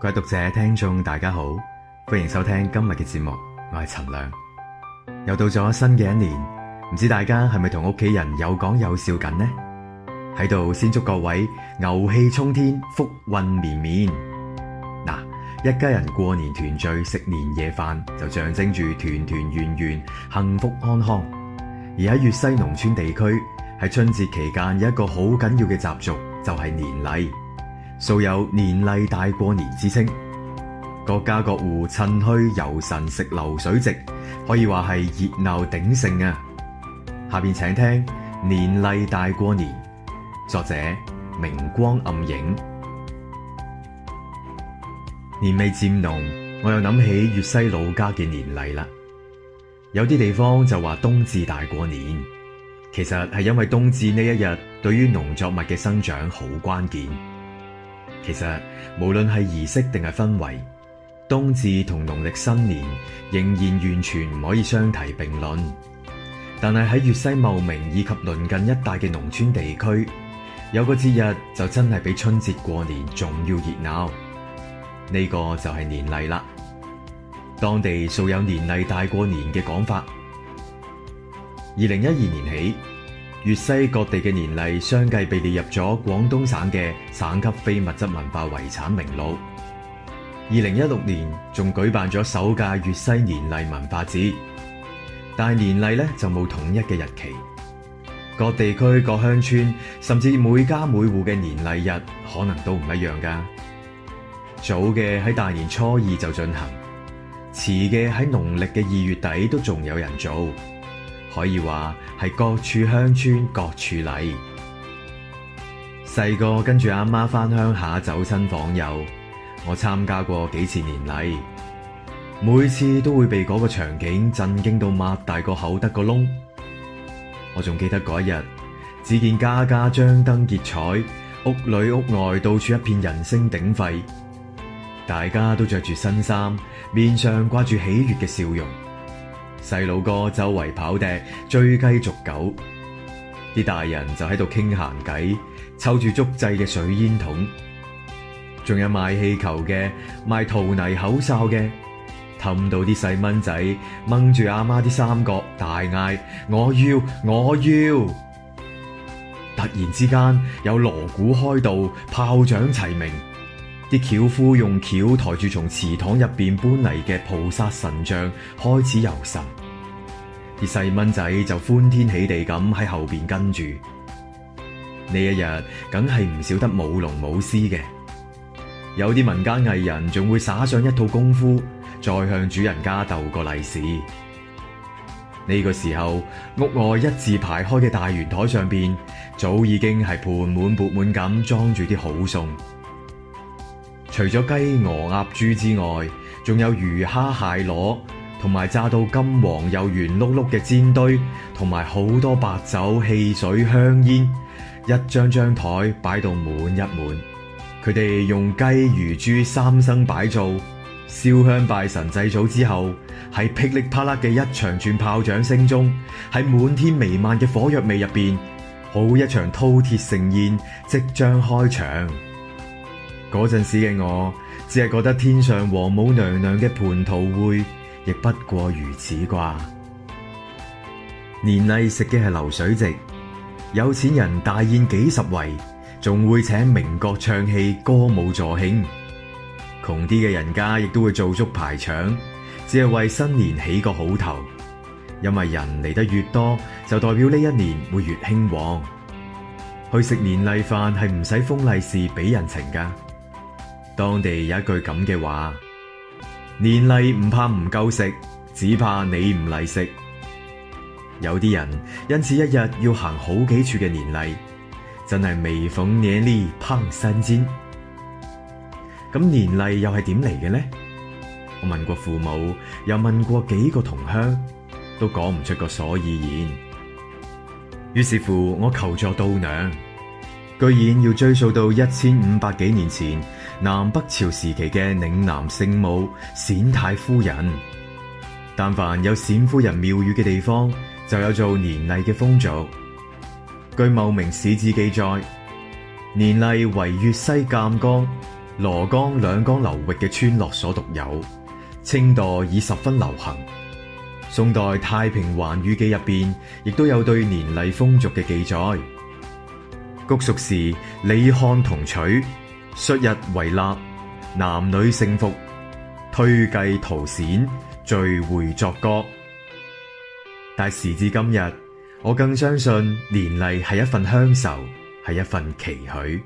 各位讀者、聽眾大家好，歡迎收聽今日嘅節目，我係陳亮。又到咗新嘅一年，唔知大家係咪同屋企人有講有笑緊呢？喺度先祝各位牛氣沖天、福運綿綿。嗱，一家人過年團聚食年夜飯，就象徵住團團圓圓、幸福安康。而喺粵西農村地區，喺春節期間有一個好緊要嘅習俗，就係年例。素有年例大過年之稱，各家各戶，趁墟遊神食流水席，可以話係熱鬧鼎盛啊！下邊請聽《年例大過年》，作者明光暗影。年味漸濃，我又諗起粵西老家嘅年例啦。有啲地方就話冬至大過年，其實係因為冬至呢一日對於農作物嘅生長好關鍵。其實無論係儀式定係氛圍，冬至同農曆新年仍然完全唔可以相提並論。但係喺粵西茂名以及鄰近一帶嘅農村地區，有個節日，日就真係比春節過年仲要熱鬧。呢、這個就係年例啦，當地素有年例大過年嘅講法。二零一二年起。粵西各地嘅年例相繼被列入咗廣東省嘅省級非物質文化遺產名錄。二零一六年仲舉辦咗首屆粵西年例文化節，但係年例咧就冇統一嘅日期，各地區、各鄉村甚至每家每戶嘅年例日可能都唔一樣噶。早嘅喺大年初二就進行，遲嘅喺農曆嘅二月底都仲有人做。可以話係各處鄉村各處例。細個跟住阿媽返鄉下走親訪友，我參加過幾次年例，每次都會被嗰個場景震驚到擘大個口得個窿。我仲記得嗰一日，只見家家張燈結彩，屋裏屋外到處一片人聲鼎沸，大家都着住新衫，面上掛住喜悅嘅笑容。細佬哥周圍跑趯，追雞逐狗，啲大人就喺度傾閒偈，抽住竹製嘅水煙筒，仲有賣氣球嘅、賣陶泥口哨嘅，氹到啲細蚊仔掹住阿媽啲衫角大嗌：我要，我要！突然之間有鑼鼓開道，炮仗齊鳴。啲轎夫用轎抬住從祠堂入邊搬嚟嘅菩薩神像，開始遊神。啲細蚊仔就歡天喜地咁喺後邊跟住。呢一日梗係唔少得舞龍舞獅嘅，有啲民間藝人仲會耍上一套功夫，再向主人家鬥個利是。呢、這個時候，屋外一字排開嘅大圓台上邊，早已經係盆滿缽滿咁裝住啲好餸。除咗雞、鵝、鴨、豬之外，仲有魚、蝦、蟹、螺，同埋炸到金黃又圓碌碌嘅煎堆，同埋好多白酒、汽水、香煙，一張張台擺到滿一滿。佢哋用雞、魚、豬三牲擺灶，燒香拜神祭祖之後，喺噼里啪啦嘅一長串炮仗聲中，喺滿天彌漫嘅火藥味入邊，好一場饕餮盛宴即將開場。嗰陣時嘅我，只係覺得天上王母娘娘嘅蟠桃會亦不過如此啩。年例食嘅係流水席，有錢人大宴幾十圍，仲會請名角唱戲、歌舞助興。窮啲嘅人家亦都會做足排場，只係為新年起個好頭。因為人嚟得越多，就代表呢一年會越興旺。去食年例飯係唔使封利是、俾人情噶。當地有一句咁嘅話：年例唔怕唔夠食，只怕你唔嚟食。有啲人因此，一日要行好幾處嘅年例，真係每逢年例胖三斤。咁年例又係點嚟嘅呢？我問過父母，又問過幾個同鄉，都講唔出個所以然。於是乎，我求助度娘，居然要追溯到一千五百幾年前。南北朝時期嘅嶺南聖母冼太夫人，但凡有冼夫人廟宇嘅地方，就有做年例嘅風俗。據《茂名市志》記載，年例唯粵西鑒江、羅江兩江流域嘅村落所獨有，清代已十分流行。宋代《太平寰宇記》入邊亦都有對年例風俗嘅記載。穀熟時，里閈同取。戌日為臘，男女盛服，椎髻徒跣，聚會作歌。但時至今日，我更相信年例係一份鄉愁，係一份期許。